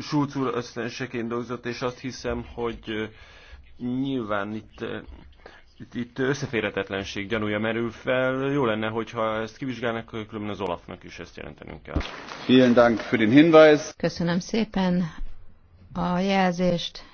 Schulz úr ösztönseként dolgozott, és azt hiszem, hogy nyilván itt itt, itt összeférhetetlenség gyanúja merül fel. Jó lenne, hogyha ezt kivizsgálnak, különben az Olafnak is ezt jelentenünk kell. Vielen Dank für den Hinweis. Köszönöm szépen a jelzést.